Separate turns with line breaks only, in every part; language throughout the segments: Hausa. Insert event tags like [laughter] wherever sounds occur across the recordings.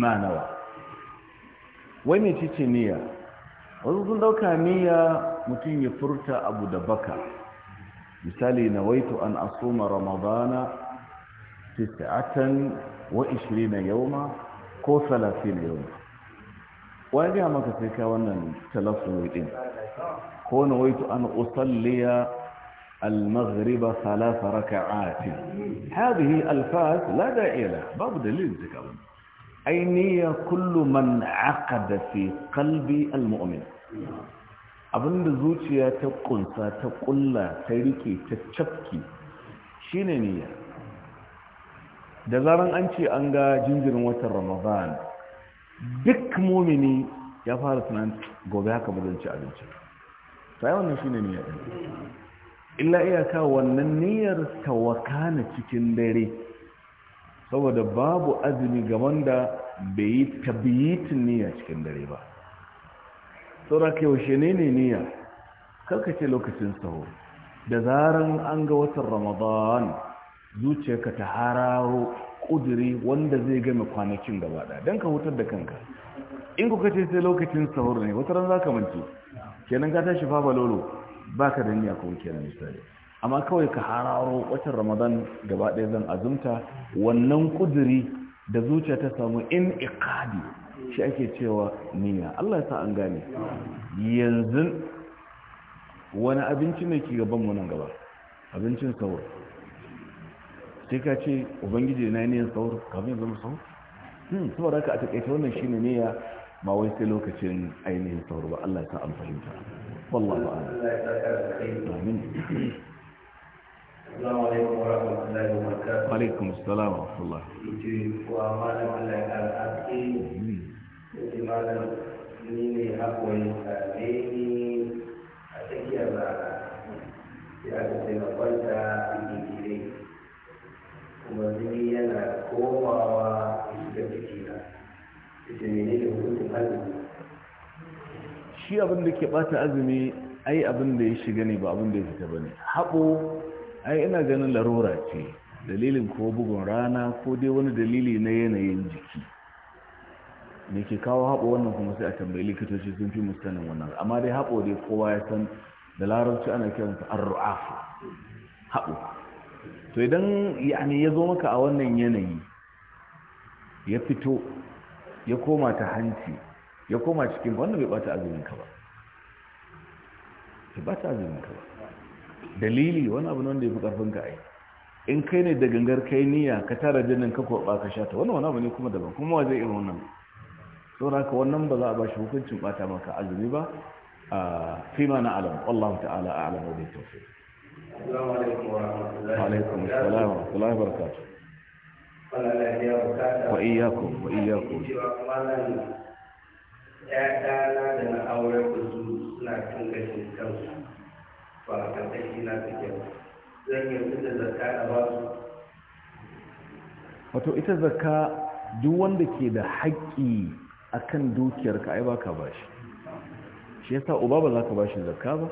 ma nawa wai mai cice niyya wasu sun dauka niyya mutum ya furta abu da baka misali na waito an asoma ramadana 29 yauma ko 30 yauma wani gaya maka sai ka wannan talasun din ko na waito an usalliya المغرب ثلاث ركعات هذه الفاظ لا داعي لها باب دليل ذكرنا ainiya kullu man da fi qalbi almu'min abinda zuciya ta kunsa ta kulla ta rike ta cafki ne niyya da zaran an ce an ga jinjirin watan ramadan duk mumini ya fara tunan gobe haka ba zan ci abinci sai wannan shine niyya din illa iyaka wannan niyyar ta wakana cikin dare saboda babu azumi ga wanda bai yi tabbitin niyya cikin dare ba tsoraka yaushe ne ne niyya ce lokacin saho da zaren an ga watan ramadan zuciyarka ta hararo ƙuduri wanda zai gami kwanakin gabaɗa don ka hutar da kanka in kuka ce sai lokacin sahur ne wata ran za ka manci kenan ka tashi fa lolo ba ka da niyya kuma kenan misali amma kawai ka hararo watan ramadan gaba ɗaya zan azumta wannan kuduri da zuciya ta samu in ikadi shi ake cewa niyya Allah ya sa an gane yanzu wani abinci ne ke gaban mu nan gaba abincin sahur sai ka ce ubangiji na niyyar sahur kafin zama sahur hmm saboda haka a taƙaita wannan shine niyya ba wai sai lokacin ainihin sahur ba Allah ya sa an fahimta wallahi amin
Assalamu wa rahmatullahi wa Wa a tsakiyar rana. Sai aka na kwanta a Kuma jini yana komawa shiga ne hukuncin
Shi abin da ke ɓata azumi ai abin da ya shiga ne ba abin da ya fita ba ne haɓo ai ina ganin larura ce dalilin ko bugun rana ko dai wani dalili na yanayin jiki me ke kawo haɓo wannan kuma sai a tambayi likitoci sun fi musamman wannan amma dai haɓo dai kowa ya san da larabci ana kiransa arru'afu haɓo to idan yani ya zo maka a wannan yanayi ya fito ya koma ta hanci ya koma cikin wannan bai bata azumin ka ba bai bata azumin ka ba dalili wani abu wanda ya fi karfin ka ai in kai ne da gangar kai niyya ka tara jinin ka kwaɓa ka shata wani wani abu ne kuma daban kuma wa zai irin wannan saboda ka wannan ba za a ba shi hukuncin bata maka azumi ba a fima na alam Allah ta'ala a alam wadai tausi
assalamu alaikum
wa wa rahmatullahi wa barakatuh
wa iyakum wa ya dana da na aure ku suna cin gashin kansu ba a na zan yi
ba
wato ita zaka duk wanda ke da haƙƙi akan dukiyar ka ai baka ba shi yasa uba ba za ka ba shi zakka ba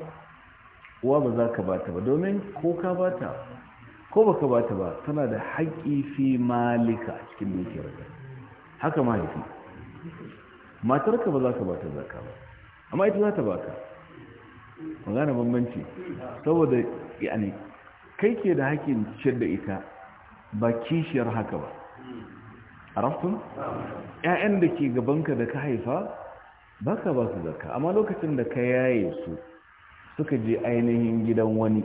uwa ba za ka ba ta ba domin ko ka ba ta? ko ba ka ba ta ba tana da haƙƙi fi malika cikin dukiyar ka haka mahaifi matarka ba za ka ba ta zakka ba amma ita za ta ba ka. ba gane bambanci saboda yani kai ke da hakkin ciyar da ita ba kishiyar haka ba a rafin ‘ya'yan da ke gabanka da ka haifa ba ka ba su zarka amma lokacin da ka yaye su suka je ainihin gidan wani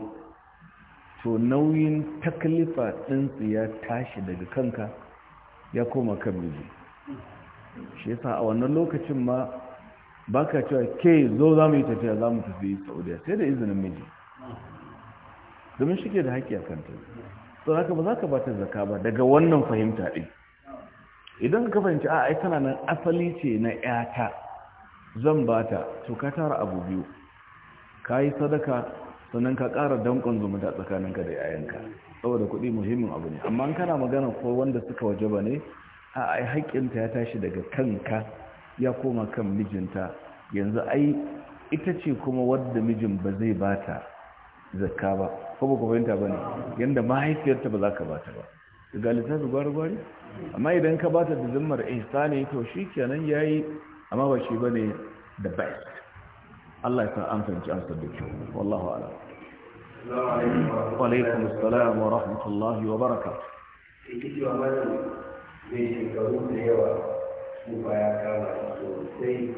to nauyin taklifa ɗinsu ya tashi daga kanka ya koma kan miji shi yasa a wannan lokacin ma ba ka cewa ke zo za mu yi tafiya za mu tafi saudiya sai da izinin miji domin shi ke da haƙƙi a kanta sau haka ba za ka bata zaka ba daga wannan fahimta ɗin idan ka fahimci a ai tana nan asali ce na yata zan bata to ka tara abu biyu ka yi sadaka sannan ka ƙara danƙon zumunta tsakaninka da 'ya'yanka saboda kuɗi muhimmin abu ne amma kana magana ko wanda suka waje ba ne a ai haƙƙinta ya tashi daga kanka ya koma kan mijinta yanzu ai ita ce kuma wadda mijin ba zai bata zakka ba ko ba ku fahimta ba ne yadda mahaifiyarta ba za ka bata ba ga littafi gwari-gwari amma idan ka bata da zimmar ihsani to shi kenan ya yi amma ba shi ba ne da best Allah ya san an amsar da kyau wallahu ala wa alaikum assalam wa rahmatullahi wa barakatuh
shekaru da yawa kufa ya kama sosai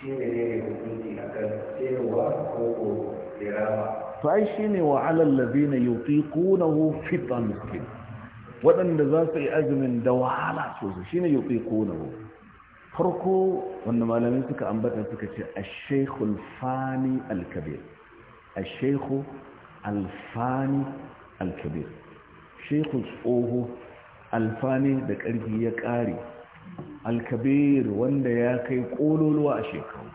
shi ne ne hukunci a kan cewa ko irama
to ai shi ne wa alallazina yutiqunahu fitran miskin waɗanda za su yi azumin da wahala sosai shi ne yutiqunahu farko wanda malamin suka ambata suka ce a shaykhul fani Alkabir. A ash-shaykhu al-fani al-kabir shaykhu tsoho alfani da ƙarfi ya ƙare alkabir wanda ya kai kololuwa a shekaru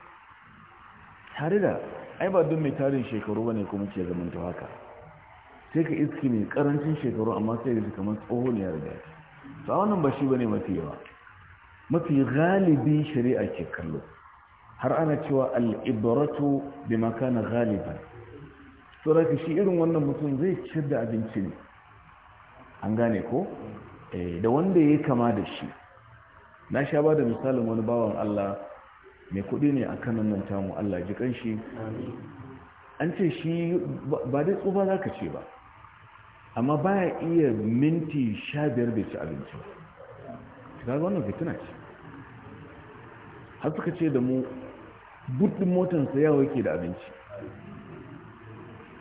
tare da ai ba don mai tarin shekaru ba ne kuma ce zaman ta haka sai ka iski mai karancin shekaru amma sai da kamar tsohon ya riga su a wannan ba shi ba ne mafi yawa mafi galibin shari'a ke kallo har ana cewa al'ibaratu da makana galiban tsoraka shi irin wannan mutum zai ciyar da abinci ne an gane ko eh, da wanda ya kama da shi na sha ba da misalin wani bawan Allah mai kuɗi ne a kanan nan tamu Allah ji kanshi an ce shi ba dai tsufa za ka ce ba amma baya iya minti sha biyar bai ci abinci ba ga wannan fitina ce har suka ce da mu buddin motansa yawa yake da abinci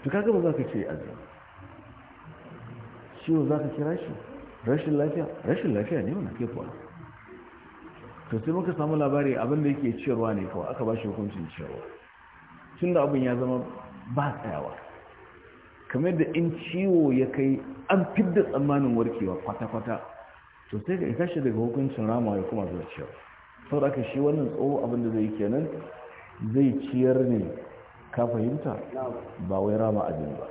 tuka gaba za ka ce Shi ciwo za ka kira shi rashin lafiya rashin lafiya ne wani kai kuwa to sai muka samu labari abin da yake ciyarwa ne kawai aka ba shi hukuncin ciyarwa tun da abin ya zama ba tsayawa kamar da in ciwo ya kai an fidda tsammanin warkewa kwata-kwata to sai ka isa shi daga hukuncin rama ya kuma zuwa ciyarwa sau da aka shi wannan tsoho abin da zai kenan zai ciyar ne ka fahimta ba wai rama abin ba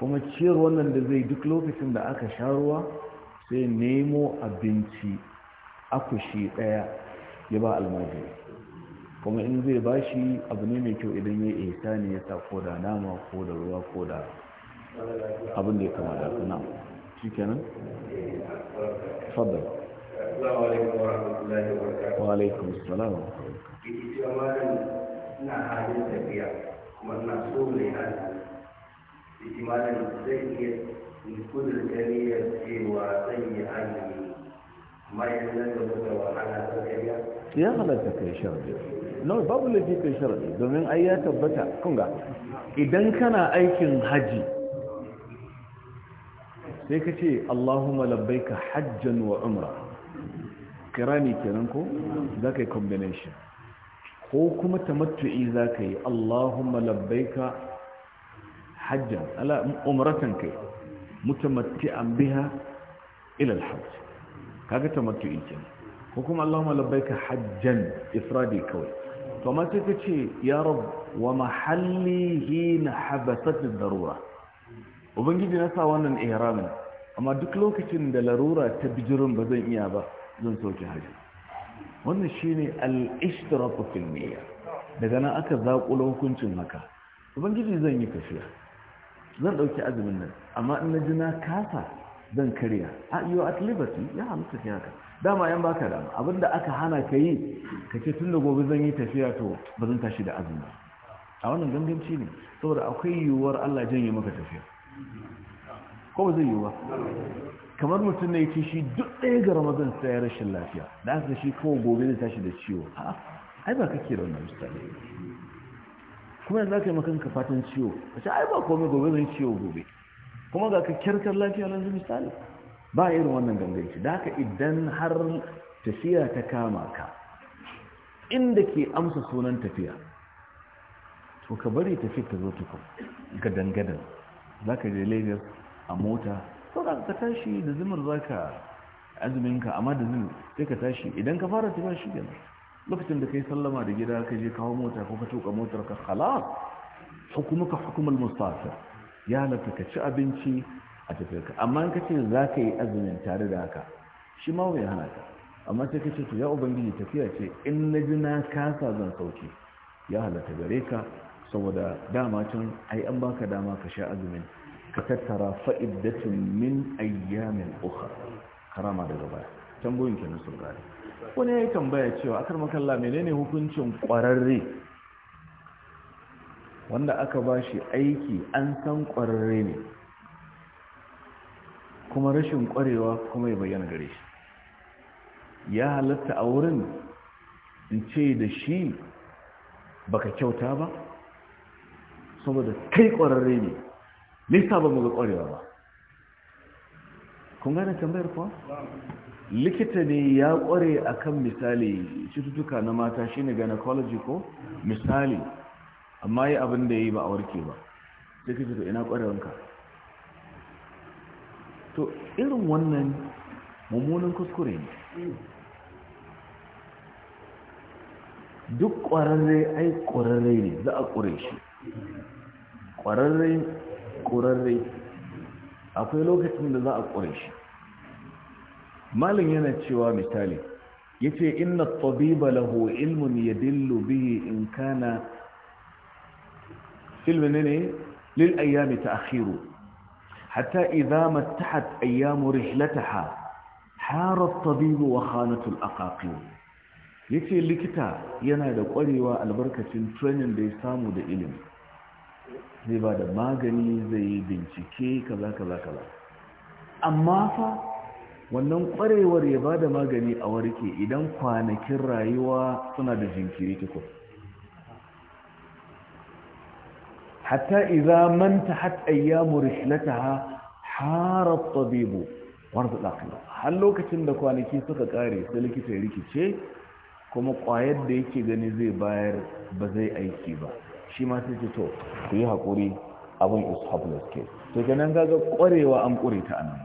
kuma ciyar wannan da zai duk lokacin da aka sha ruwa sai nemo abinci akushi ɗaya ya ba almajiri kuma in zai ba shi abu ne mai kyau idan ya isa ne ya sako ko da nama ko da ruwa ko da abin da ya kama da suna shi kenan?
fadar wa
alaikun salam
ina halin tafiya kuma ina zai cewa zan yi
ya halatta kai sharadi no babu laifi kai sharadi domin ai ya tabbata kunga idan kana aikin haji sai ka ce Allahumma labbaika hajjan wa umra kirani kenan ko za ka yi combination ko kuma tamattu'i za ka yi Allahumma labbaika hajjan ala umratan kai mutamatti'an biha ila al-hajj kaga tamattu'i kenan ko kuma Allahumma labbaika hajjan ifradi kawai to amma sai kace ya rab wa mahallihi na habasat ad-darura ubangiji na sa wannan ihramin amma duk lokacin da larura ta bijirin ba zan iya ba zan soke hajji wannan shine al-ishtiraq fil niyya daga nan aka zaƙulo hukuncin haka ubangiji zan yi tafiya zan ɗauki azumin nan amma in na ji na kasa zan karya a ah, you at liberty ya halitta shi haka dama yan baka dama abinda aka hana ka yi ka ce tun da gobe zan yi tafiya to ba zan tashi da azumi a wannan ganganci ne saboda akwai yiwuwar Allah janye maka tafiya ko ba zai yiwuwa kamar mutum ne ke shi duk ɗaya ga ramadan sai ya rashin lafiya da aka shi kawai gobe zai tashi da ciwo a ai ba kake da wannan misali kuma yanzu aka yi makanka fatan ciwo a ce ai ba komai gobe zan ciwo gobe kuma ga kyarkar lafiya na zubi misali. ba irin wannan ganganci da haka idan har tafiya ta kama ka inda ke amsa sunan tafiya to ka bari tafi ta zo tukun gadangadan za ka je lagos a mota ko da ka tashi da zimar za ka azuminka amma da zimar sai ka tashi idan ka fara tafiya shi gana lokacin da ka yi sallama da gida ka je kawo mota ko ka tuka motar ka halar ka hukumar mustafa ya halatta ka ci abinci a tafiyarka amma in ka ce za ka yi azumin tare da haka shi ma bai hana ka amma sai ka ce to ya ubangiji tafiya ce in na ji na kasa zan sauke ya halatta gare ka saboda dama can ai an baka dama ka sha azumin ka tattara fa'iddatun min ayyamin ukhra karama daga baya tambayoyin kenan sun gari. wani ya yi tambaya cewa akar makalla menene hukuncin kwararre wanda aka ba shi aiki an san ƙwararre ne kuma rashin ƙwarewa kuma ya bayyana gare shi ya halatta a wurin in ce da shi baka kyauta ba saboda kai ƙwararre ne nisa ba mu ga ƙwarewa ba kun gane tambayar kuwa? likita ne ya ƙware akan misali cututtuka na mata shi shine gynecology ko misali amma yi abin da ya yi ba a warke ba sai kace to ina ƙwarewanka to irin wannan mummunan kuskure ne duk ƙwararre ai ƙwararre ne za a ƙure shi ƙwararre ƙwararre akwai lokacin da za a ƙure shi malin yana cewa misali ya ce inna tabiba lahu ilmun ya dillo bihi in kana fil menene lil ayyami ta'khiru hatta idza mattahat ayyamu rihlataha hara at-tabib wa yace likita yana da kwarewa albarkacin training da ya samu da ilimi zai ba da magani zai yi bincike kaza kaza kaza amma fa wannan kwarewar ya ba da magani a warke idan kwanakin rayuwa suna da jinkiri tukun hatta idza man tahat ayyamu rihlataha hara at-tabibu warda al har lokacin da kwanaki suka kare sai likita ya rikice kuma kwayar da yake gani zai bayar ba zai aiki ba shi ma sai ce to hakuri abun is hopeless case to kenan kaga ƙwarewa an kure ta anan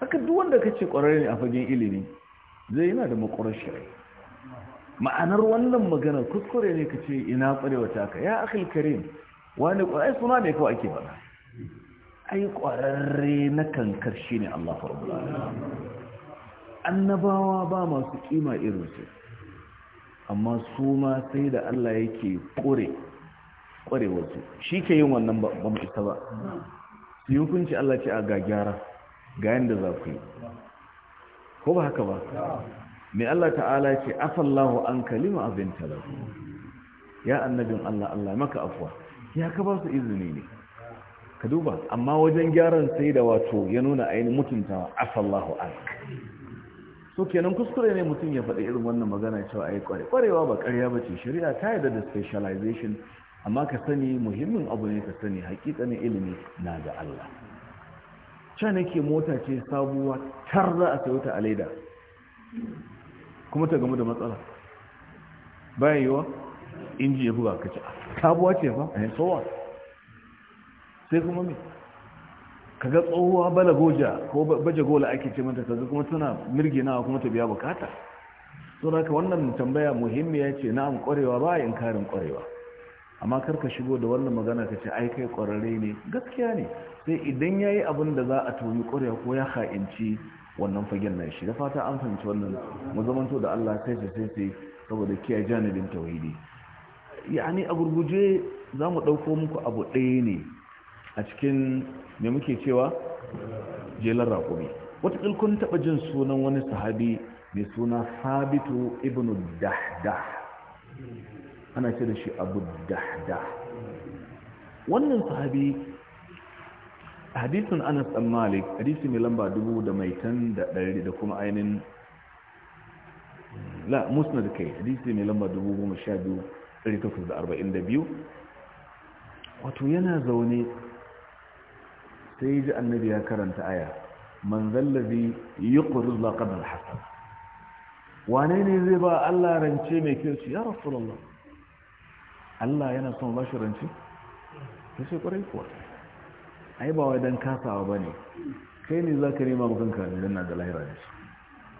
haka duk wanda kace kwararre ne a fagen ilimi zai yana da makwarar shari'a ma'anar wannan magana kuskure ne ka ce ina kwarewa taka ya akil karim wani kwarai suna ne kawai ake bada ai kwararre na kankar shi ne Allah farbula annabawa ba masu kima irinsu amma su ma sai da Allah yake kore kwarewarsu shi ke yin wannan ba mu ita ba su yi hukunci Allah ce a ga gyara ga yadda za ku yi ko ba haka ba mai Allah ta'ala ce afallahu an kalima abin ya annabin Allah Allah maka afuwa ya ka ba su izini ne ka duba amma wajen gyaran sai da wato ya nuna ainihin mutuntawa afallahu an so kenan kuskure ne mutum ya faɗi irin wannan magana cewa yi kware kwarewa ba ƙarya ba ce shari'a ta yarda da specialization amma ka sani muhimmin abu ne ka sani hakikanin ilimi na ga Allah can yake mota ce sabuwa tar za a sayo ta a leda kuma ta gamu da matsala bayan yiwa inji ya buga ka ci ah, sabuwa ce ba a eh, yansowa sai kuma mai kaga tsohuwa bala goja ko baje gola ake ce mata kaga kuma tana mirginawa kuma ta biya bukata sau da wannan tambaya muhimmiya ce na'am kwarewa ba yin karin kwarewa amma karka shigo da wannan magana ka ce ai kai kwararre ne gaskiya ne sai idan ya yi abin da za a toyi kwarewa ko ya ha'inci wannan fagen na shi da fata an fahimci wannan mu da Allah sai sai sai saboda kiyaye janibin tauhidi yani a gurguje za mu ɗauko muku abu ɗaya ne a cikin me muke cewa jelar raƙumi wata kun taɓa jin sunan wani sahabi mai suna sabitu ibn dahda ana ce da shi abu dahda wannan sahabi hadisin anas dan malik hadisi mai lamba dubu da mai tan da ɗari da kuma ainihin mm, la musnad kai hadisi mai lamba dubu goma sha biyu ɗari takwas da arba'in da biyu wato yana zaune sai ji annabi ya karanta aya man zallazi yuqridu Allah qadar hasan wane ne zai ba Allah rance mai kirci ya rasulullah Allah yana son ba shi rance sai kwarai kuwa ai ba wai dan kasawa ba ne kai ne za ka nema makanka da lahira ne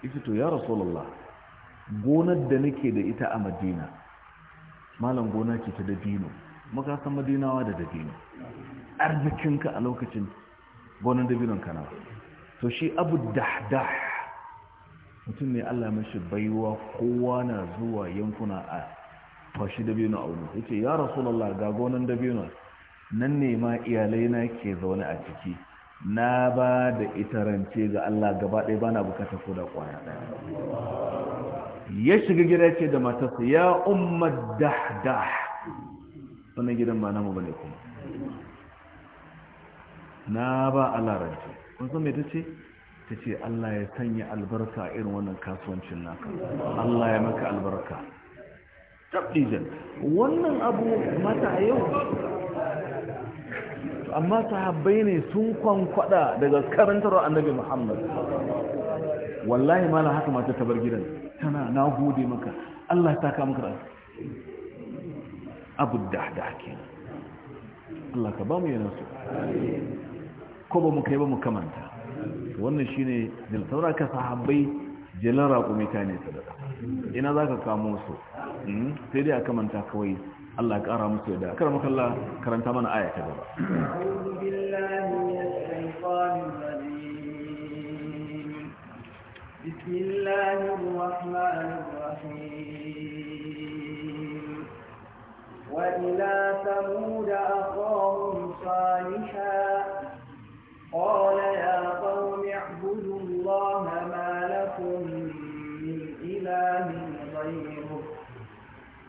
ita to ya rasulullah gonar da nake da ita a madina malam gona ce ta dabino maka san madinawa da dabino arzikinka a lokacin gonar dabinon kana to shi abu dahdah mutum ne allah mashi baiwa kowa na zuwa yankuna a fashi dabino a wuri ya rasu ya ga gonar dabino nan ne ma iyalai na ke zaune a ciki na ba da ita rance ga Allah gaba ɗaya ba na bukata ko da ƙwaya
ɗaya
ya shiga gida ce da matarsa ya ummar dahdah wannan gidan ba namu bane kuma na ba Allah rance kun san ta ce ta ce Allah ya sanya albarka a irin wannan kasuwancin naka Allah ya maka albarka tabdijan wannan abu mata a yau amma sahabbai ne sun kwankwada daga karantarwa annabi muhammad wallahi ma na haka mata ta bar gidan tana na gode maka allah ta kama kira abu da ke allah ka ba mu yana su ko ba mu kai ba mu kamanta wannan shi shine jilsaura ka sahabbai jilara kuma ta ne sadaka ina za ka kamo su hmm? sai dai a kamanta kawai Allah ya kara musu yadda kar maka karanta mana aya ta gaba
a'udhu billahi minash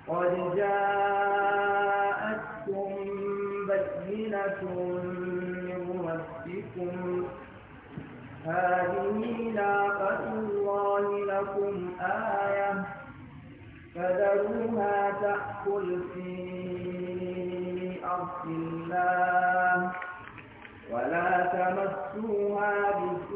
قد جاءتكم بينة من ربكم هذه ناقة الله لكم آية فذروها تأكل في أرض الله ولا تمسوها بسوء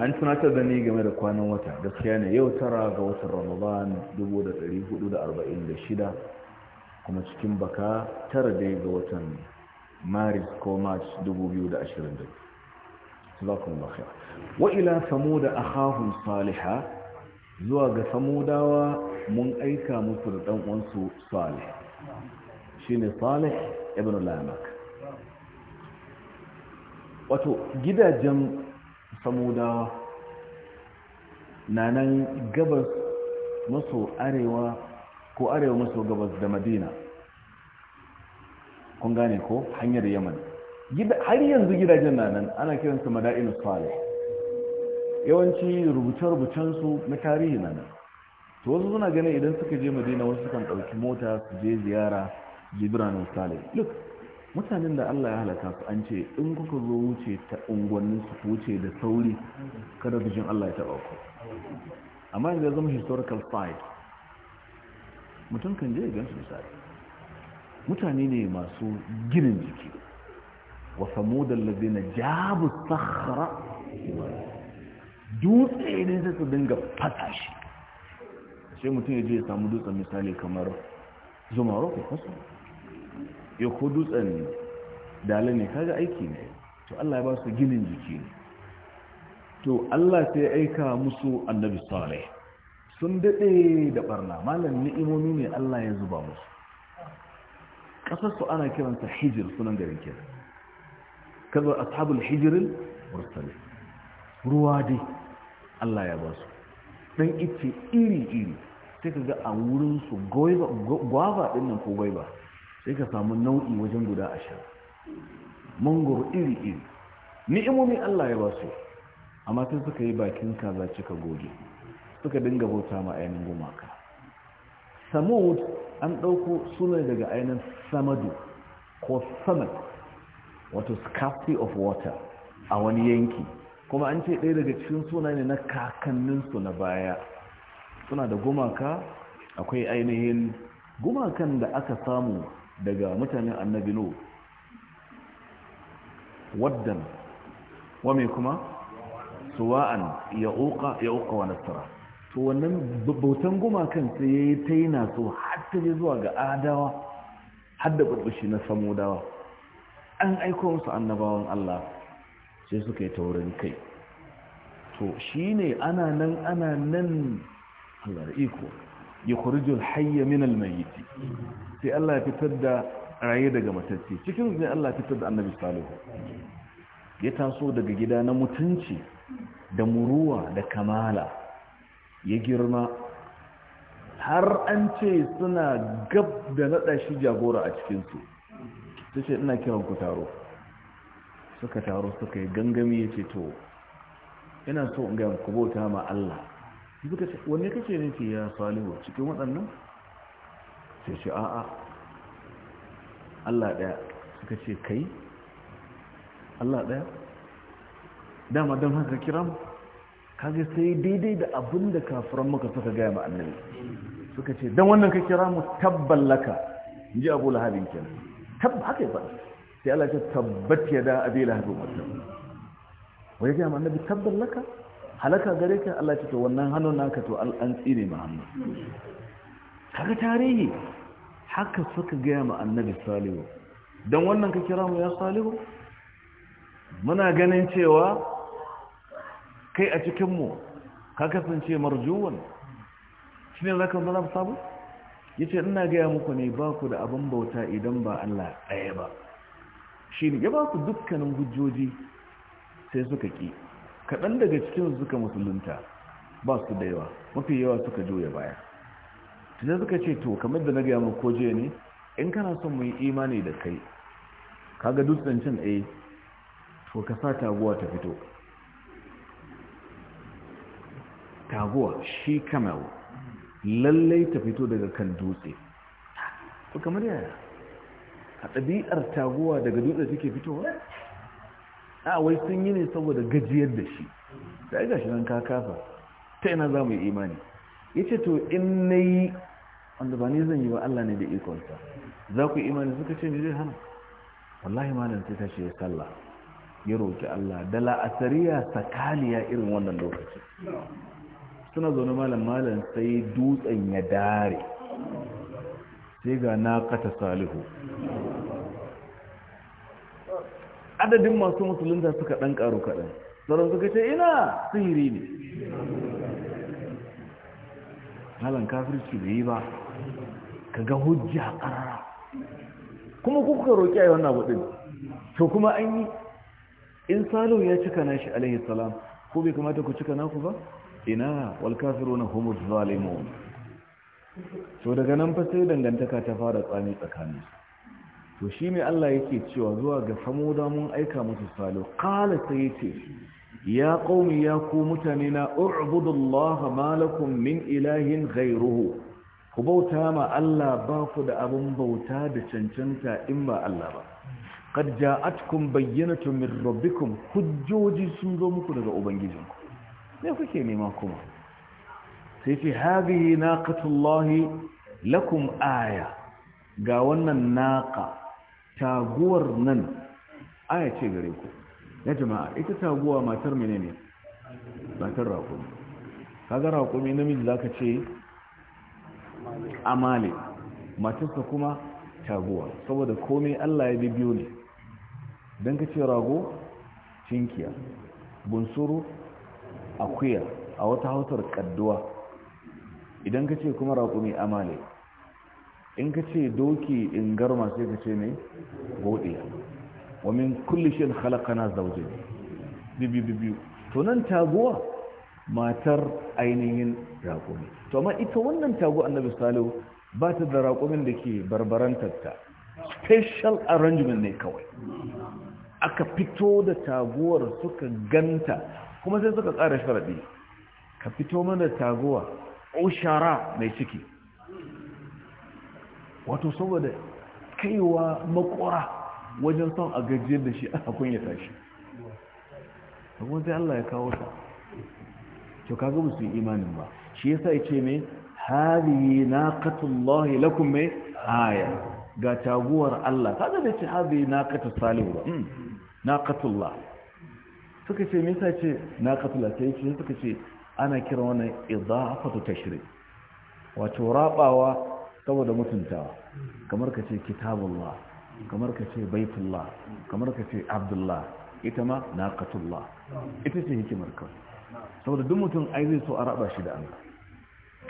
an tunatar da ni
game da kwanan wata gaskiya ne yau tara ga watan ramadan 1446 kuma cikin baka tara dai ga watan maris ko march 2020 sabakun bakhiya wa ila da akhahum salihah zuwa ga samudawa mun aika musu da dan uwansu salih shine salih ibn lamak wato gidajen samudawa na nan gabas maso arewa ko arewa maso gabas da madina kun gane ko hanyar yaman har yanzu gidajen na nan ana kiransu madain salih yawanci rubuce rubucen su na tarihi na nan to wasu suna ganin idan suka je madina wasu kan ɗauki mota su je ziyara jibiranin salih look mutanen da Allah ya halaka su an ce in kuka zo wuce ta unguwannin su wuce da sauri kada su jin Allah ya taba ku amma yanzu zama historical fight mutum kan je gansu misali mutane ne masu ginin jiki wa samuda na jabu sahara dutse ne sai su dinga fata shi sai mutum ya je ya samu dutsen misali kamar zumarok ko kasu ya kudu dutsen dalar ne kaga aiki ne to Allah ya ba su ginin jiki ne to Allah sai ya aika musu annabi saleh sun daɗe da ɓarna malam ni'imomi ne Allah ya zuba musu ƙasarsu ana kiranta hijir sunan garin kira kazar ashabul hijirin mursali ruwa dai Allah ya ba su ɗan ice iri-iri sai ka ga a wurinsu guava ɗin nan ko guava. sai ka samu nau'i wajen guda ashirin mangoro iri-iri ni'imomin Allah ya ba su amma sai suka yi bakin kaza cika goge suka dinga bauta ma ainihin gumaka samud an ɗauko sunan daga ainihin samadu ko samad wato scarcity of water a wani yanki kuma an ce ɗaya daga cikin suna ne na kakanninsu na baya suna da gumaka akwai ainihin gumakan da aka samu daga mutanen annabi no waddan wa mai kuma suwa'an ya uka wa nasara to wannan bautan gumakan sai ya yi ta yi naso har ta je zuwa ga adawa har da burbushi na samudawa an aiko musu annabawan Allah sai suka yi taurin kai to shi ne ana nan ana nan Allah da iko ya kurijul hayya min almayyiti sai Allah ya fitar da raye daga matacce cikin ne Allah ya fitar da annabi salihu ya taso daga gida na mutunci da muruwa da kamala ya girma har an ce suna gab da nada shi jagora a cikinsu su ce ina kiran ku taro suka taro suka yi gangami yace to ina so in gaya ku bauta ma Allah suka ce wanne kake nufi ya salihu cikin waɗannan sai ce a'a Allah ɗaya suka ce kai Allah ɗaya dama don haka kira mu kaga sai daidai da abin da kafiran maka suka gaya ba annabi suka ce don wannan ka kira mu tabballaka in ji abu lahabin kenan tabba haka ya faɗi sai Allah ce tabbat ya da abi lahabin wata ya gaya ma annabi tabballaka halaka gare ka Allah ce to wannan hannun naka to an tsire ma hannu kaga tarihi haka suka gaya ma annabi salihu dan wannan ka kira mu ya salihu muna ganin cewa kai a cikin mu ka kasance marjuwan shine ne zaka zana sabu ya ce ina gaya muku ne ba ku da abin bauta idan ba Allah ɗaya ba shine ya ba ku dukkanin hujjoji sai suka ƙi kaɗan daga cikin suka musulunta ba su da yawa mafi yawa suka juya baya tunda suka ce to kamar da na gaya mu ko ne in kana son mu yi imani da kai kaga dutsen cin a eh, to ka sa taguwa ta fito taguwa shi kamar lallai ta fito daga kan dutse to kamar yaya a ɗabi'ar taguwa daga dutse take fitowa a wai sun yi ne saboda gajiyar da shi da ga shi nan ka kafa ta ina za mu yi imani ya ce to in na yi wanda ba ni zan yi wa Allah ne da ikonsa za ku yi imani suka ce ne zai hana wallahi malam sai ta ya sallah ya roƙi Allah da la'asariya sakaliya irin wannan lokaci suna zaune malam malam sai dutsen ya dare sai ga na kata salihu adadin masu musulunta suka ɗan ƙaru kaɗan sauran suka ce ina sihiri ne halin kafirci da yi ba ka ga hujja ƙarara kuma kuka roƙi a yi wannan waɗin to kuma an yi in salo ya cika na shi alaihi salam ko bai kamata ku cika naku ba ina wal kafiru na homer zalimu so daga nan fa sai dangantaka ta fara tsani tsakaninsu to shi ne Allah yake cewa zuwa ga mun aika musu salo kala sai yace ya qaumi ya ku mutane na u'budullaha malakun min ilahin ghayruhu ku bauta ma Allah ba ku da abun bauta da cancanta in ba Allah ba qad ja'atkum bayyinatun min rabbikum hujjoji sun zo muku daga ubangijinku me kuke nema kuma sai ce hadhihi naqatullahi lakum aya ga wannan naqa taguwar nan aya ce gare ku ya jama'a ita taguwa matar ne matar raƙumi kaga raƙumi namiji zaka ce amale matarsa kuma taguwa saboda komai Allah ya bi biyu ne don ka ce rago cinkiya bunsuru akuya a wata hausar kadduwa idan ka ce kuma rakumi amale in ka ce doki in garma sai ka ce ne godiya wa min kulli shin khalaqana zawjayn bibi bibi to nan taguwa matar ainihin raƙumi to amma ita wannan tagu annabi salihu ba ta da raƙumin da ke barbarantar ta special arrangement ne kawai aka fito da taguwar suka ganta kuma sai suka ƙara sharaɗi ka fito mana taguwa shara mai ciki wato saboda kaiwa makora wajen son a gajiyar da shi ana [laughs] kunyata shi kuma sai Allah ya kawo ta to kaga ba su yi imanin ba shi yasa ya ce me hadhihi naqatullahi lakum me aya ga taguwar Allah kaga da ce na naqatu salihu ba Na hmm. naqatullah suka ce me yasa ce Na naqatullah sai ce suka ce ana kira wannan idafatu tashri wato rabawa saboda mutuntawa kamar ka ce kitabullah kamar ka ce baitullah kamar ka ce abdullah ita ma naqatullah ita ce hikimar ka saboda duk mutum ai zai so a raba shi da Allah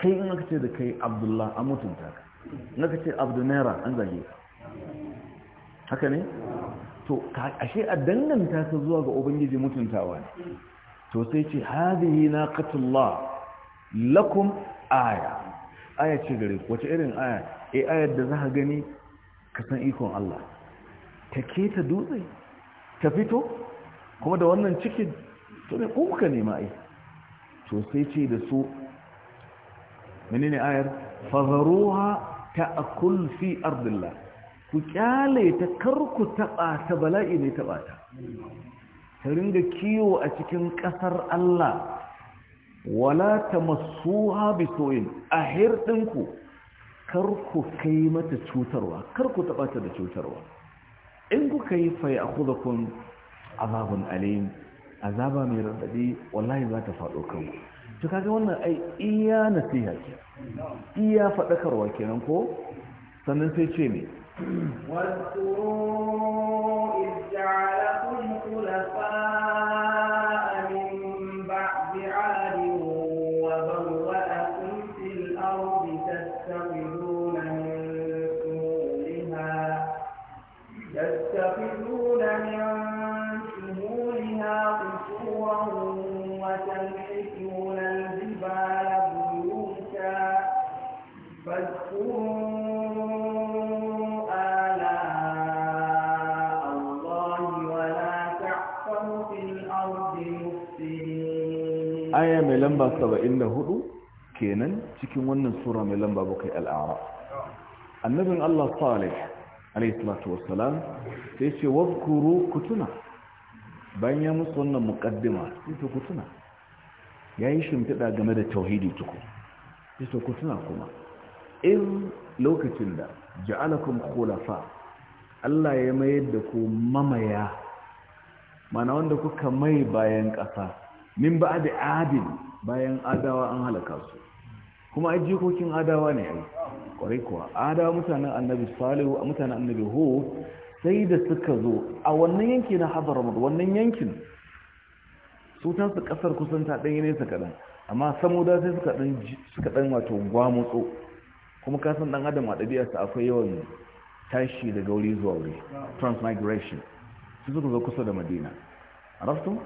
kai in aka ce da kai abdullah a mutunta ka in aka ce abdu naira an zage ka haka ne to ashe a danganta ka zuwa ga ubangiji mutuntawa ne to sai ce hadhihi naqatullah lakum aya aya ce gare wace irin aya eh ayar da zaka gani ka san ikon Allah ta ta dutse ta fito kuma da wannan cikin to ne kuka nema ai to sai ce da su ne ayar fazaruha ta'kul fi ardillah ku kyale ta karku taba ta bala'i ne taba ta ta ringa kiwo a cikin kasar Allah wala tamassuha soyin a dinku kar ku kai mata cutarwa karku ku ta da cutarwa in kuka yi a kudakun azabun alim azaba mai raɗaɗi wallahi za ta faɗo kanku to kaga wannan ai iya nasiha ke iya faɗakarwa kenan ko sannan sai ce me
wasu iz kula khulafa lamba
74 kenan cikin wannan sura mai lamba bakwai al'ara annabin Allah salih alaihi salatu wassalam sai ce wakuru kutuna bayan ya musu wannan mukaddima sai to kutuna yi shimfiɗa game da tauhidi tuku sai kutuna kuma in lokacin da ja'alakum khulafa Allah ya mayar da ku mamaya mana wanda kuka mai bayan ƙasa min ba da adini. bayan adawa an halaka su kuma ai jikokin adawa ne ai kwarai kuwa adawa mutanen annabi salihu mutanen annabi ho sai da suka zo a wannan yanki na hazaramar wannan yankin su ta su kasar kusan ta ɗanyi nesa kaɗan amma samuda sai suka ɗan wato gwamutso kuma kasan ɗan adam a su akwai yawan tashi daga wuri zuwa wuri transmigration su suka zo kusa da madina arabtu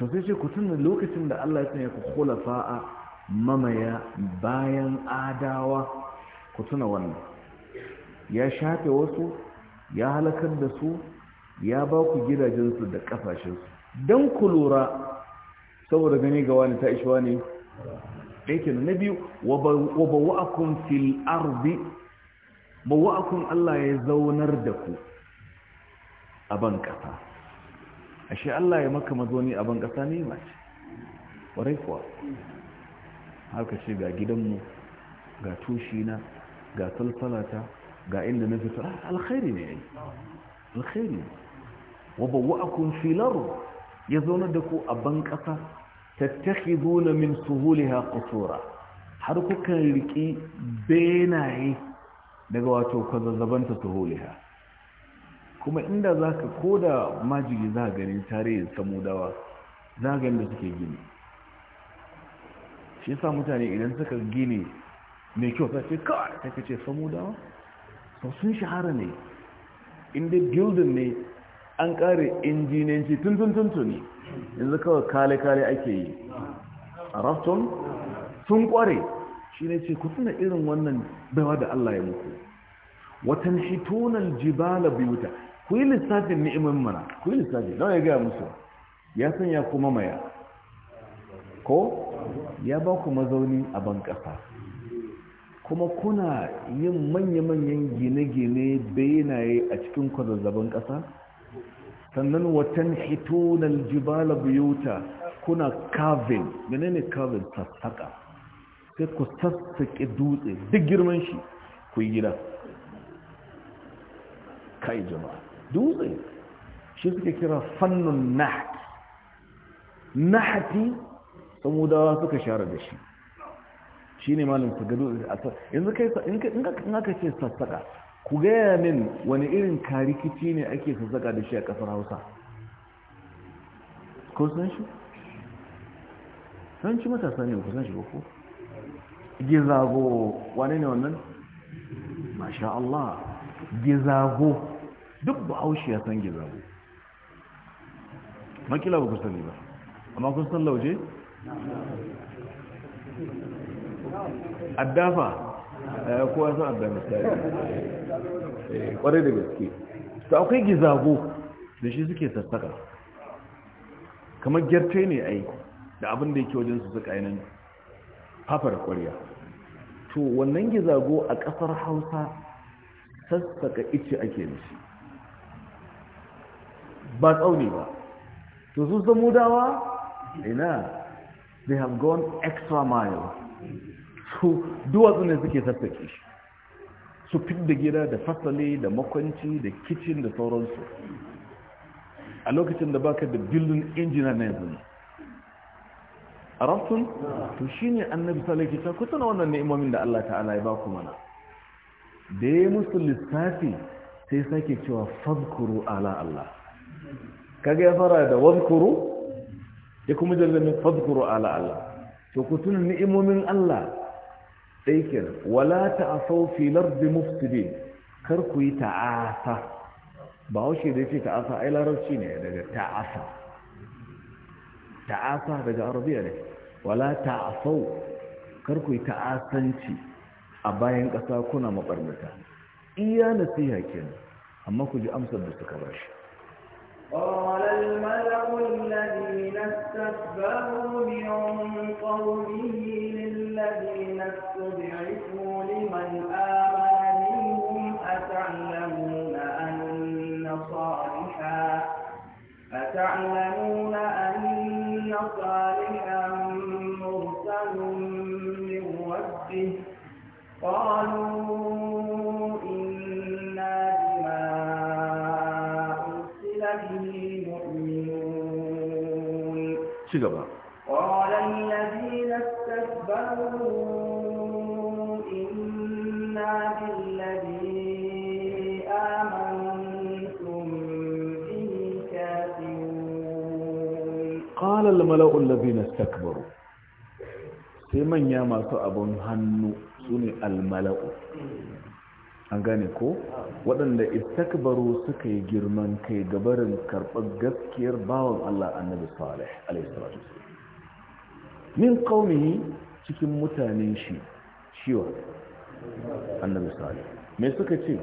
to sai ce ku tuna lokacin da Allah ya sanya ku khulafa'a mamaya bayan adawa ku tuna wannan ya shafe wasu ya halakar da su ya ba ku gidajensu da kafashinsu don ku lura saboda gani ga wani ta ne ɗaikin na biyu wa bawa'akun fil ardi Allah ya zaunar da ku a ban ashe Allah ya maka mazoni a ban ne ba ce kuwa haka ce ga gidanmu ga tushina ga salsalata ga inda na fito ah, alkhairi ne alkhairi ne wabawa akun filaru ya zauna da ku a banƙasa? tattaki zuna min suhuliha kusura har kukan riƙi benaye daga wato kwazazzabanta suhuliha kuma inda za ka koda majigi za a ganin tarihin samudawa za a da suke gini shi sa mutane idan suka gini mai kyau ta ce kawai ta ce samudawa so sun shahara ne inda gildin ne an kare injiniyanci tun ne yanzu kawai kale-kale ake yi a rafton sun kware shi ne ce ku da irin wannan dawa da allah ya muku watan shi tonal jibala biyuta ku yi lissafin ni'imin mana ku yi lissafin don ya gaya musu ya sanya kuma maya ko ya ba ku mazauni a ban ƙasa kuma kuna yin manya-manyan gine-gine benaye a cikin kwazazzaban ƙasa sannan watan hitunan jibala buyuta kuna carving gane ne carving sassaka sai ku sassake dutse duk girman shi ku yi gida kai jama'a dutse shi suke kira fannun nahat nahati mudawa suka share da shi shi ne malin ta gado yanzu kai in aka ce sassaƙa ku gaya min wani irin karikici ne ake sassaƙa da shi a ƙasar hausa ko san shi? san shi matasa ne ko san shi ba ko? gizago wane ne wannan? masha Allah gizago duk bahaushe ya san gizago makila ba ku sani ba amma kun san lauje?
addafa eh, kowa san
addafa eh, kwarai da gaske to akwai gizago da shi suke sassaka kamar gyarce ne ai da abin da yake wajen su suka yanin hafar kwariya to wannan gizago a kasar hausa sassaka ice ake da shi ba tsauni ba to su dawa ina they have gone extra mile su duwatsu ne suke sassake shi su fit da gida da fasali da makwanci da kicin da sauransu a lokacin da baka da building engineer na yanzu a rafton to shi ne annabi salaki ta kusa na wannan neimomin da Allah ta'ala ya ba ku mana da ya yi musu lissafi sai sake cewa fadkuru ala Allah kage ya fara da wadhkuru ya kuma jallamin fadhkuru ala Allah to ku ni'imomin Allah sai kenan wala ta'asaw fi lardi mufsidin kar ku yi ta'asa ba haushe da yake ta'asa ai larabci ne daga ta'asa ta'asa daga arabiya ne wala ta'asaw kar ku yi ta'asanci a bayan ƙasa kuna mabarnata iya nasiha kenan amma ku ji amsar da suka bashi
قال الملأ الذين استكبروا من قومه للذين استضعفوا لمن آمن منهم أتعلمون أن صالحا أتعلمون أن صالحا مرسل من ربه قالوا cigaba قال الذين استكبروا إنا بالذي آمنتم به كافرون
قال الملأ الذين استكبروا sai manya masu abun hannu su ne almala'u an gane ko waɗanda istakbaru suka yi girman kai gabarin karɓar gaskiyar bawan Allah annabi salih alaihissalatu min qaumihi cikin mutanen shi shiwa annabi salih me suka ce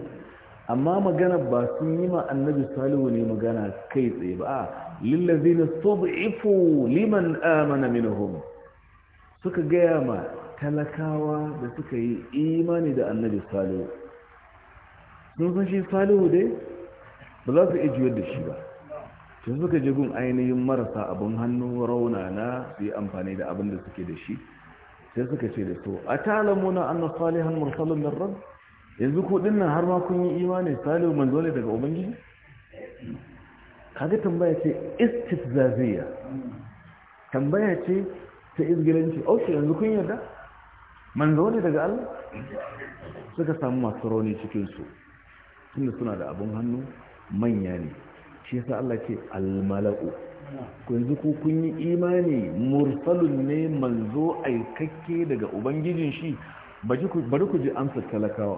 amma magana ba sun yi ma annabi salihu ne magana kai tsaye ba lillazina stud'ifu liman amana minhum suka gaya ma talakawa da suka yi imani da annabi salihu sun sun shi salihu dai ba za su ijiyar da shi ba shi suka je gun ainihin marasa abin hannu rauna na su yi amfani da abin da suke da shi sai suka ce da so a talamu na annan salihan mursalin min rab yanzu kudin nan har ma kun yi imani salihu manzo ne daga ubangiji kaga tambaya ce istihzaziya tambaya ce ta izgilanci Ausu, oh, yanzu kun yarda manzo ne daga Allah suka samu masu rauni cikinsu. tunda suna da abun hannu manya ne shi yasa Allah ce almalaku ku yanzu ku kun yi imani mursalun ne manzo aikakke daga ubangijin shi bari ku ji amsa talakawa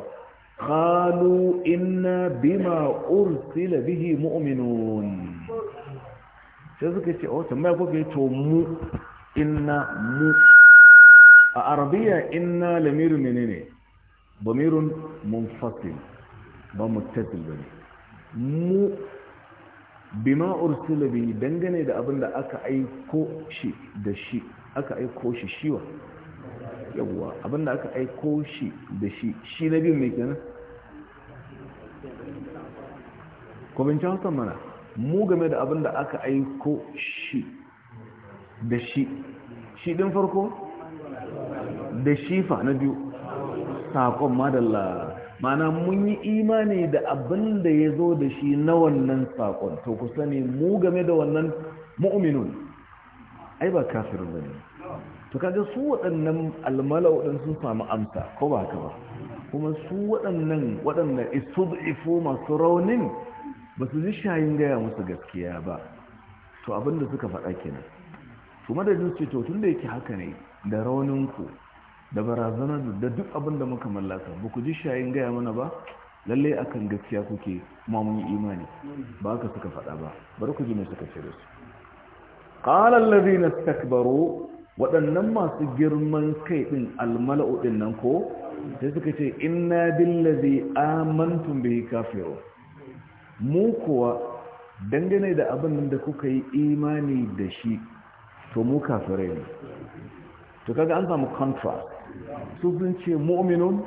qalu inna bima ursila bihi mu'minun sai suka ce oh tambaya ko ke to mu inna mu a arabiya inna lamirun ne bamirun munfasil ba muttasil bane mu bima ursila bi dangane da abin da aka aiko shi da shi aka aiko shi shiwa yawwa abin da aka aiko shi da shi shi na biyu mai kenan kwabinci hausa mana mu game da abin da aka aiko shi da shi shi din farko da shifa na biyu saƙon madalla mana mun yi imani da abin da ya zo da shi na wannan sakon to ku sani mu game da wannan mu'minun ai ba kafirin ba ne to kaga su waɗannan almalau ɗin sun samu amsa ko ba haka ba kuma su waɗannan waɗanda ifo masu raunin ba su ji shayin gaya musu gaskiya ba to abin da suka faɗa kenan da madadin ce to tun da yake haka ne da raunin ku da barazana da duk abin da muka mallaka ba ku ji shayin gaya mana ba lallai akan gaskiya kuke kuma imani ba ka suka faɗa ba bari ku ji me suka ce da su qala allazina Baro waɗannan masu girman kai ɗin almala'u din nan ko sai suka ce inna billazi amantum bihi kafiru mu kuwa dangane da abin da kuka yi imani da shi to mu kafirai ne to kaga an samu contrast su sun ce mu'minun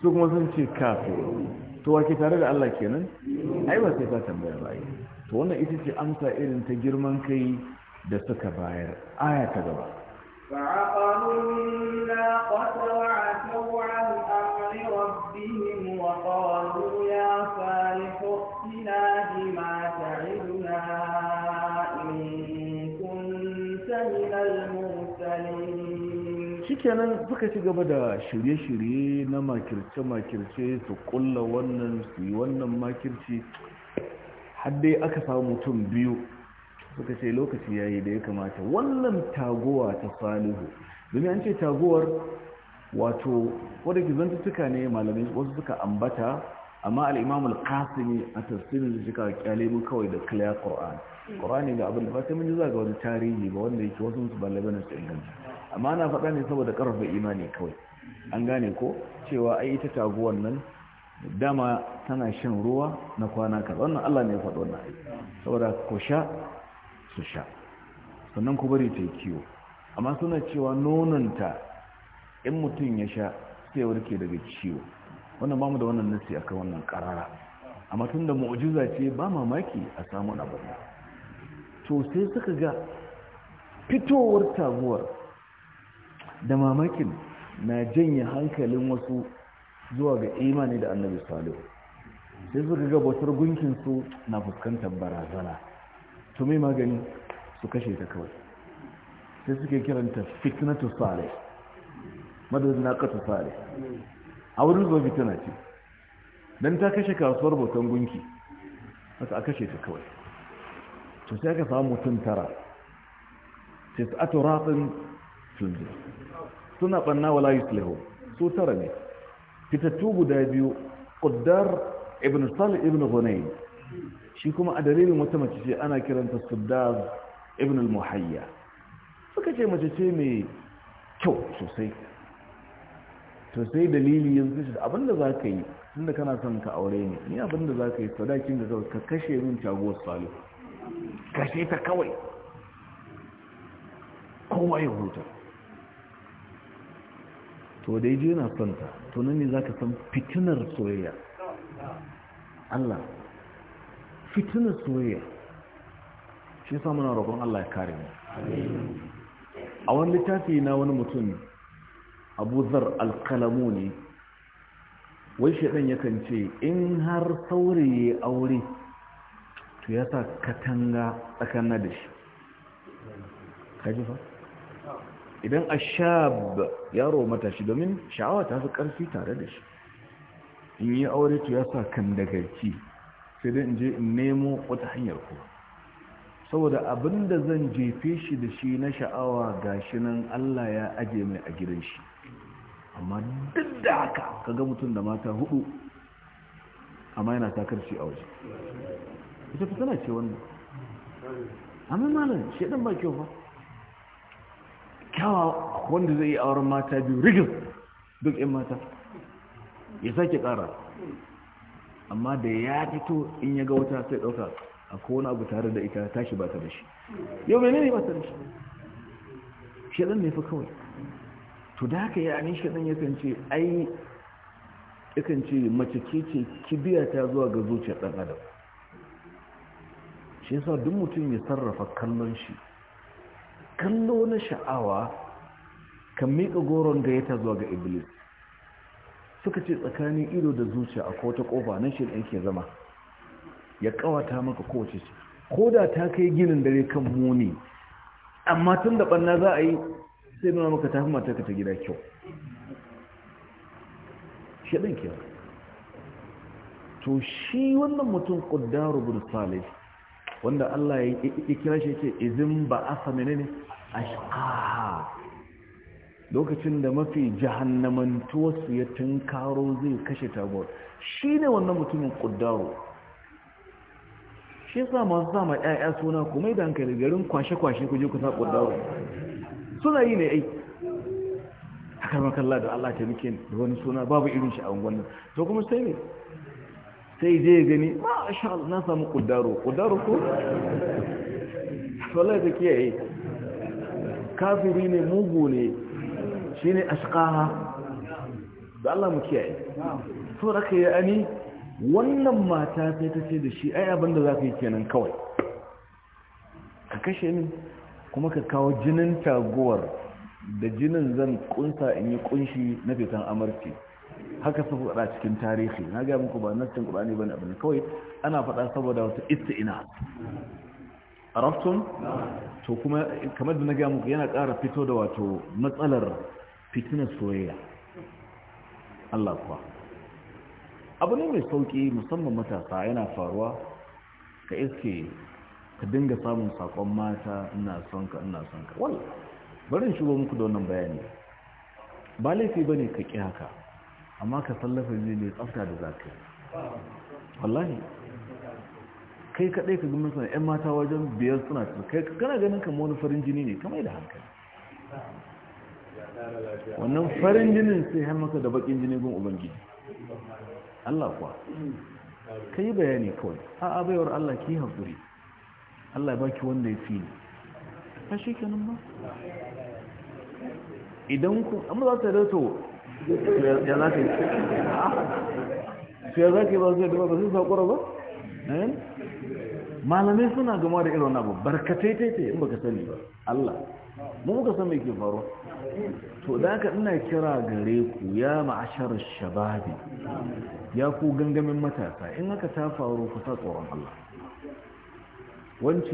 su kuma sun ce kafin to wake tare da Allah kenan ai ba sai ka tambaya ba ai to wannan ita ce amsa irin ta girman kai da suka bayar aya ta gaba
وقالوا يا صالح ائتنا بما تعدنا
shikenan suka ci gaba da shirye-shirye na makirce-makirce su kulla wannan su yi wannan makirci haddai aka samu mutum biyu suka ce lokaci ya yi da ya kamata wannan taguwa ta salihu domin an ce taguwar wato wadda ke zantuttuka ne malamai wasu suka ambata amma al'imamul kasimi a tafsirin da suka kyale mu kawai da clear ƙoran ƙorani ga abin da fata mun ji za ga wani tarihi ba wanda yake wasu su balabanar su inganta amma na faɗa ne saboda ƙarfafa imani kawai an gane ko cewa ai ita taguwar nan dama tana shan ruwa na kwana kaza wannan Allah ne ya faɗo wannan ai saboda ku sha su sha sannan ku bari ta yi kiwo amma suna cewa nononta in mutum ya sha sai warke daga ciwo wannan bamu da wannan nasi akan wannan karara amma tun da mu'jiza ce ba mamaki a samu abu to sai suka ga fitowar taguwar da mamakin na janye hankalin wasu zuwa ga imani da annabi salihu sai suka ga bautar gunkinsu na fuskantar barazana to mai magani su kashe ta kawai sai suke kiranta fitnatu salih madadin na katu salih a wurin zuwa fitna ce don ta kashe kasuwar bautar gunki wasu a kashe ta kawai to sai aka samu mutum tara sai su ato ratsin cikin suna ɓanna wala yuslihu su tara ne fitattu guda biyu ƙuddar ibn salih ibn hunayn shi kuma a dalilin wata mace ce ana kiranta suddar ibn al-muhayya suka ce mace ce mai kyau sosai to sai dalili yanzu shi abinda za ka yi tunda kana son ka aure ne ni abinda za ka yi sadakin da zai ka kashe min shaguwar salihu kashe ta kawai kowa ya huta to dai je na son ta to nan ne za ka san fitinar soyayya Allah fitinar soyayya shi sa muna roƙon Allah ya kare mu a wani littafi na wani mutum Abu Zar alkalamu ne wai shaɗan yakan ce in har saurayi aure to ya sa katanga tsakanin da shi ji fa idan a ashab yaro matashi domin sha'awa ta fi ƙarfi tare da shi in yi aure to ya sa kan sai dai in je in nemo wata hanyar ku saboda abin da zan jefe shi da shi na sha'awa ga shi nan Allah ya aje mai a gidan shi amma duk da haka ga mutum da mata hudu amma yana takar shi a waje ita fi tana ce wannan amma malam shi ɗan ba kyau ba kyawa wanda zai yi auren mata biyu rigil duk in mata ya sake ƙara amma da ya fito in ya ga wata sai ɗauka a kowane abu tare da ita tashi ba ta da shi yau mai ne ba ta da shi shaɗan ne fi kawai to da haka ya ne shaɗin ya kance ai ya kance mace ke ce kibiya ta zuwa ga zuciyar ɗan adam shi yasa duk mutum ya sarrafa kallon shi kallo na sha'awa kan miƙa goron gayyata zuwa ga iblis suka ce tsakanin ido da zuciya a kowata ƙofa nan shi yake zama ya ƙawata maka kowace ce ko da ta kai ginin dare kan muni amma tun da ɓanna za a yi sai nuna maka tafi ka ta gida kyau shaɗin kyau to shi wannan mutum ƙuddaru bin wanda Allah ya kira shi ce izin ba asa menene ashqaha lokacin da mafi jahannamantuwarsu ya tunkaro zai kashe taguwar shi ne wannan mutumin kuddaro shi sa masu sama ƴaƴa suna kuma idan ka garin kwashe-kwashe ku je ku sa kuddaro suna yi ne ai haka makalla da Allah ta muke da wani suna babu irin shi a wannan to kuma sai ne sai zai gani ma sha na samu kudaro kudaro ko wallahi take kiyaye kafiri ne mugu ne shi ne ashkaha da Allah mu kiyaye so raka ya ani wannan mata sai ta ce da shi ai abinda ka yi kenan kawai ka kashe ni kuma ka kawo jinin taguwar da jinin zan kunsa in yi kunshi na fitan amarci haka su faɗa cikin tarihi na gaya muku ba nassin ƙulani ba ne abin kawai ana faɗa saboda wata isti'ina a to kuma kamar da na gaya muku yana ƙara fito da wato matsalar fitina soyayya Allah kuwa abu ne mai sauƙi musamman matasa yana faruwa ka iske ka dinga samun sakon mata ina son ka ina son ka wal barin shigo muku da wannan bayani ba laifi ba ne ka ƙi haka amma ka sallafa zai mai tsafta da za ka
yi, wallahi
kai kaɗai ka gama suna 'yan mata wajen biyar suna cikin kai kana ganin kama wani farin jini ne kamar da hankali
wannan farin jinin
sai har maka da bakin jini gun ubangiji Allah kuwa ka yi bayani kawai a abaiwar Allah ki haƙuri Allah ya baki wanda ya fi ne ta shi kenan ba idan ku amma za ta yi Eh? malamai suna gama da irin abu barkatai taitai in baka sani ba Allah mu muka san mai ke faru to da aka ina kira gare ku ya ma'ashar shababi ya ku gangamin matasa in aka ta faru ku sa tsoron Allah wance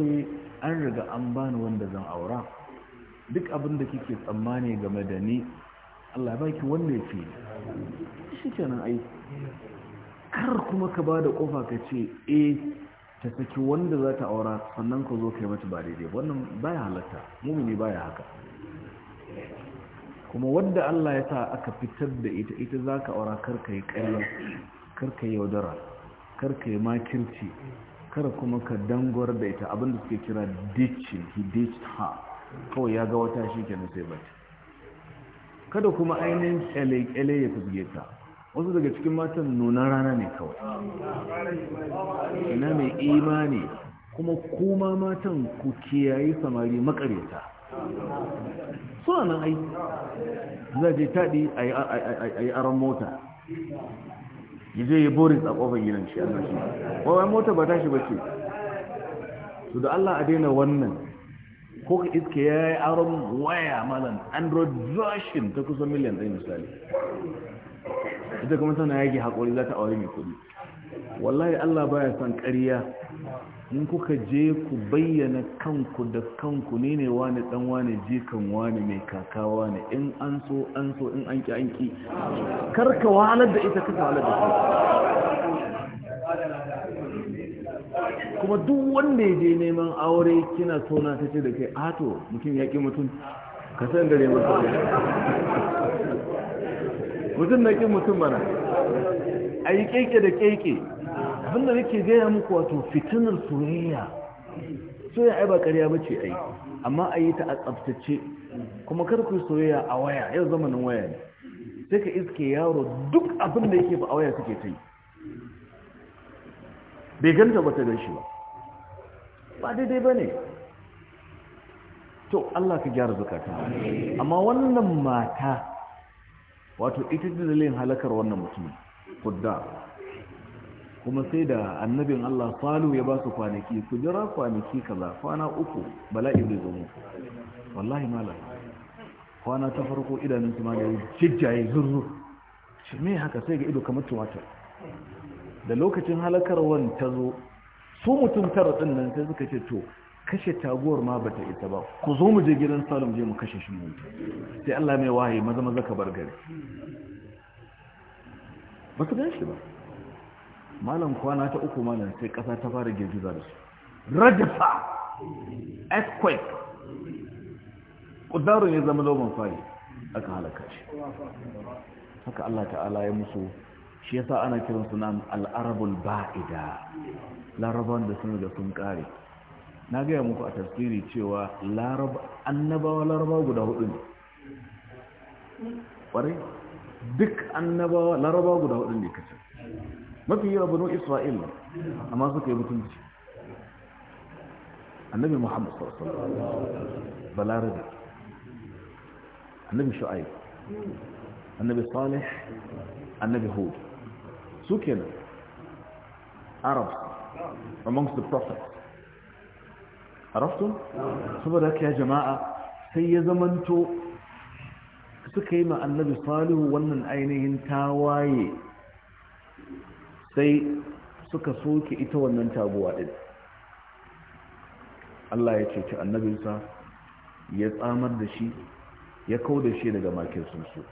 an riga an bani wanda zan aura duk abin da kike tsammani game da ni Allah ya baki wanda ya ce shi nan ai kar kuma ka ba da kofa ka ce eh ta saki wanda za ta aura sannan ka zo kai mata ba daidai wannan baya halatta mumini baya haka kuma wadda Allah ya sa aka fitar da ita ita za ka aura karka yi ƙarya karka yi yaudara karka yi makirci kar kuma ka dangwar da ita abinda suke kira ditching he ditched her kawai ya ga wata shi kenan sai bata kada kuma ainihin kyale-kyale ya fi ta wasu daga cikin matan nunan rana ne kawai
ina mai imani
kuma kuma matan ku kiyayi samari makareta suna nan ai za je taɗi a yi aron mota je ya boris a ƙofar gidan shi a wawai mota ba tashi ba ce su da allah a daina wannan ko ka iske ya yi aron waya malam android version ta kusan miliyan ɗaya misali
ita kuma tana yage
haƙuri za ta aure mai kuɗi wallahi allah baya son ƙarya in kuka je ku bayyana kanku da kanku ne ne wani ɗan wani jikan wani mai kakawa ne in an so an so in an ki an ki karka wahalar da ita kasa wahalar da ita kuma duk wanda ya je neman aure kina na ta ce da kai ato mutum ya ƙi mutum ka san dare masa mutum na ƙi mutum mana a yi keke da keke abinda nake gaya muku wato fitinar soyayya soyayya ai ba ƙarya ba ce ai amma a yi ta a tsaftace kuma kar ku soyayya a waya yau zamanin waya ne sai ka iske yaro duk abin da yake ba a waya suke ta yi bai ganta ba ta gan shi ba ba daidai ba ne to Allah ka gyara zukata amma wannan mata wato ita ce dalilin halakar wannan mutum kudda kuma sai da annabin Allah falo ya ba su kwanaki su jira kwanaki kaza kwana uku bala'i bai zo muku wallahi malam kwana ta farko idanun su malam jijjaye zurru shi me haka sai ga ido kamar tumatir da lokacin halakarwan ta zo su mutum tara ɗin nan sai suka ce to kashe taguwar ma bata ita ba ku zo mu je gidan salum je mu kashe shi mu sai Allah mai wahayi maza maza ka bar gari ba su ganshi ba malam kwana ta uku malam sai ƙasa ta fara girgiza da su rajafa earthquake ƙudarun ya zama zoben fari aka halaka shi haka Allah ta'ala ya musu shi yasa ana kiran suna al'arabul ba'ida laraban da sun ga sun kare na gaya muku a tafsiri cewa annabawa larabawa guda hudu ne ƙwarai duk annabawa larabawa guda hudu ne kacin mafi yi rabinu isra'il amma suka yi mutunci annabi muhammad sarsal balarabi annabi shu'aib annabi salih annabi hudu su kenan arabs amongst the prophets arabtun saboda haka ya jama'a sai ya zamanto suka yi annabi salihu wannan ainihin tawaye sai suka soke ita wannan taguwa ɗin. Allah ya ceci annabinsa ya tsamar da shi ya kau da shi daga makinsunsu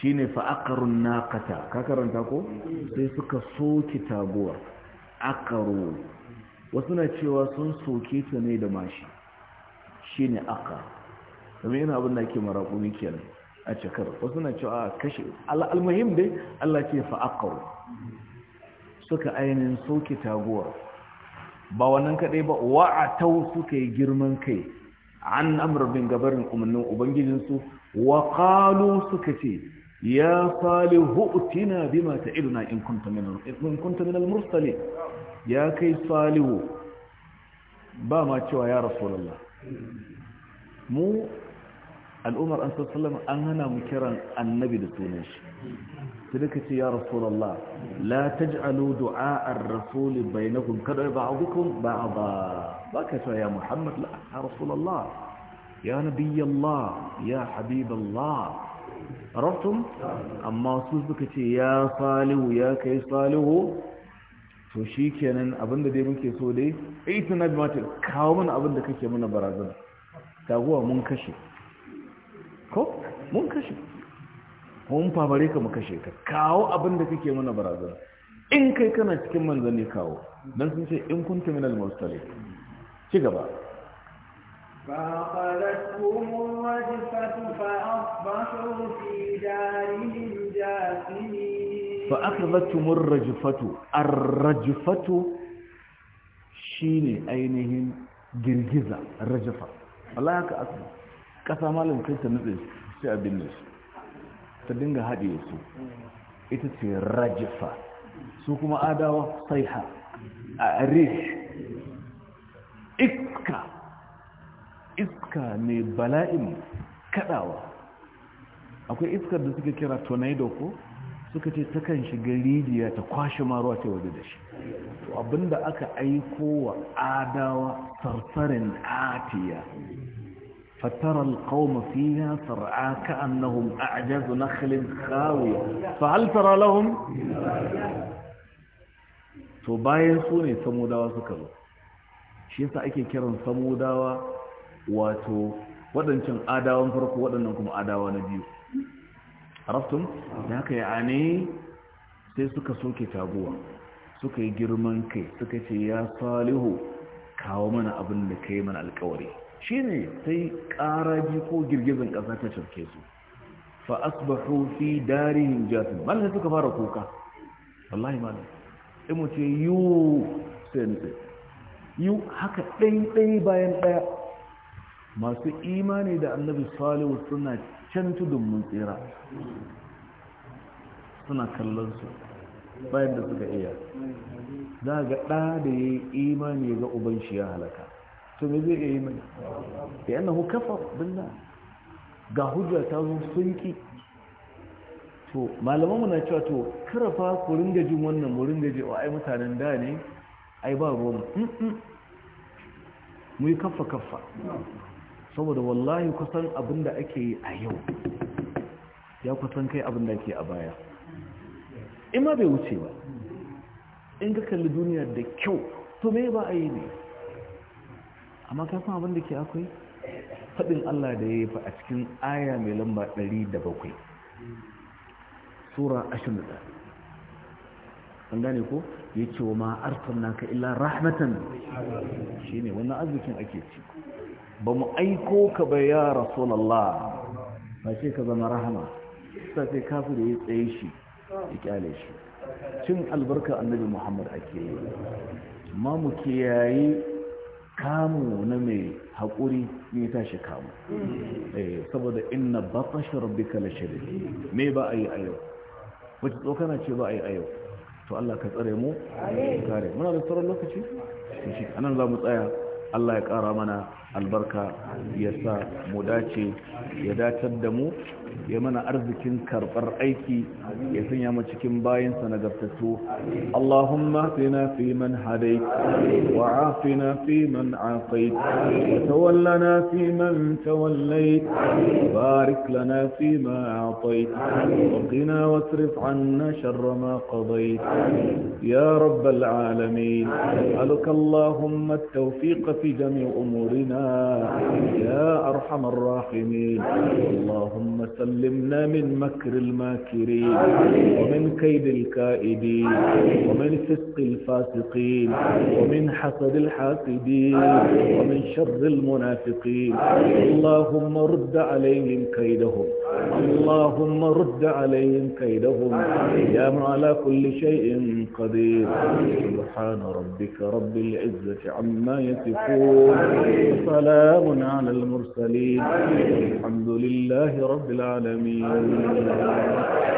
shine fa'aqarun naqata ka karanta ko sai suka soki taguwa aqaru wasu na cewa sun soke ta ne da mashi shine aqa kamar yana abin da ake marakumi kenan a cikar wasu na cewa kashe almuhim dai Allah ce fa'aqaru suka ainihin soki taguwa ba wannan kadai ba wa'atau suka yi girman kai an amr bin gabarin umarnin ubangijinsu wa qalu suka ce يا صالح ائتنا بما تعدنا إن كنت من إن كنت من المرسلين يا كي صالح با ما يا رسول الله مو الأمر أن صلى الله عليه وسلم أنا مكرا النبي لتونيش تلكتي يا رسول الله لا تجعلوا دعاء الرسول بينكم كدع بعضكم بعضا بكت يا محمد لا يا رسول الله يا نبي الله يا حبيب الله arabtum amma su suka ce ya salihu ya kai salihu to shikenan abinda dai muke so dai aitina bi mata kawo mana abinda kake mana barazan taguwa mun kashe ko mun kashe mun fafare ka mu kashe ka kawo abinda kake mana barazan in kai kana cikin manzanni kawo dan sun ce in kuntum minal mursalin ci gaba
فأخذتهم الرجفة فأصبحوا في دارهم جاثمين
فأخذتهم الرجفة الرجفة شين أينهم girgiza rajafa Allah haka aka kasa malam kai ta nutse sai abin ne ta dinga haɗiye su ita ce rajafa su kuma adawa saiha a rish iska iska mai bala'in kadawa akwai iskar da suka kira tornado ko suka ce ta kan shiga rijiya ta kwashe maruwa ta waje da shi to abinda aka aiko wa adawa sarsarin atiya فترى القوم فيها صرعا كأنهم أعجاز نخل خاوية فهل ترى لهم to bayan su ne samudawa suka zo shi yasa ake kiran samudawa wato waɗancan adawan farko waɗannan kuma adawa na biyu raftun da haka ya ne sai suka soke taguwa suka yi girman kai suka ce ya salihu kawo mana abin da ka yi mana alkawari shi ne sai ƙaraji ko girgizan ƙasa ta cirke su Fa asbahu fi darihin jasin malin suka fara kuka wallahi malin imu ce yiwu sai haka ɗai-ɗai bayan ɗaya masu imani da annabi salihu suna can tudun mun tsira suna kallon su bayan da suka iya za ga ɗa da ya yi imani ga uban shi ya halaka to me zai iya yi mai da yana hukafa billa ga hujja ta zo sun ki to malamanmu na cewa to karafa ku ringa jin wannan mu ringa ji oh, ai mutanen da ne ai ba ruwan mu yi kaffa kaffa saboda wallahi kusan abin da ake yi a yau ya kusan kai abin da ke a baya in ma bai wuce ba in ka kalli duniya da kyau to me ba a yi ne amma kafin abin da ke akwai faɗin Allah da ya yi fa a cikin aya mai lamba 107 sura 21 an gane ko ya ce wa ma'arfin naka illa rahmatan shi ne wannan arzikin ake ci ba mu aiko ka ba ya rasulallah ba ce ka zama rahama sai kafin da ya tsaye shi ya kyale shi cin albarka annabi muhammad ake yi ma mu kiyaye kamu na mai haƙuri ne ta shi kamu eh, saboda inna ba fashin rabbi kala shirin me ba a yi a yau wacce tsokana ce ba a yi a yau to allah ka tsare mu kare muna da tsoron lokaci anan za mu tsaya Allah ya ƙara mana albarka ya sa mu dace ya datar da mu ya mana arzikin karɓar aiki ya sanya mu cikin bayansa na gaftattu Allahumma fina fi man hadait wa afina fi man afait wa tawallana fi man tawallait barik lana fi ma atait wa qina wasrif anna sharra ma qadait ya rabbal alamin as'aluka Allahumma at-tawfiq في جميع أمورنا يا أرحم الراحمين اللهم سلمنا من مكر الماكرين ومن كيد الكائدين ومن فسق الفاسقين ومن حسد الحاسدين ومن شر المنافقين اللهم رد عليهم كيدهم اللهم رد عليهم كيدهم يا من على كل شيء قدير سبحان ربك رب العزة عما يصفون المتقون سلام على المرسلين الحمد لله رب العالمين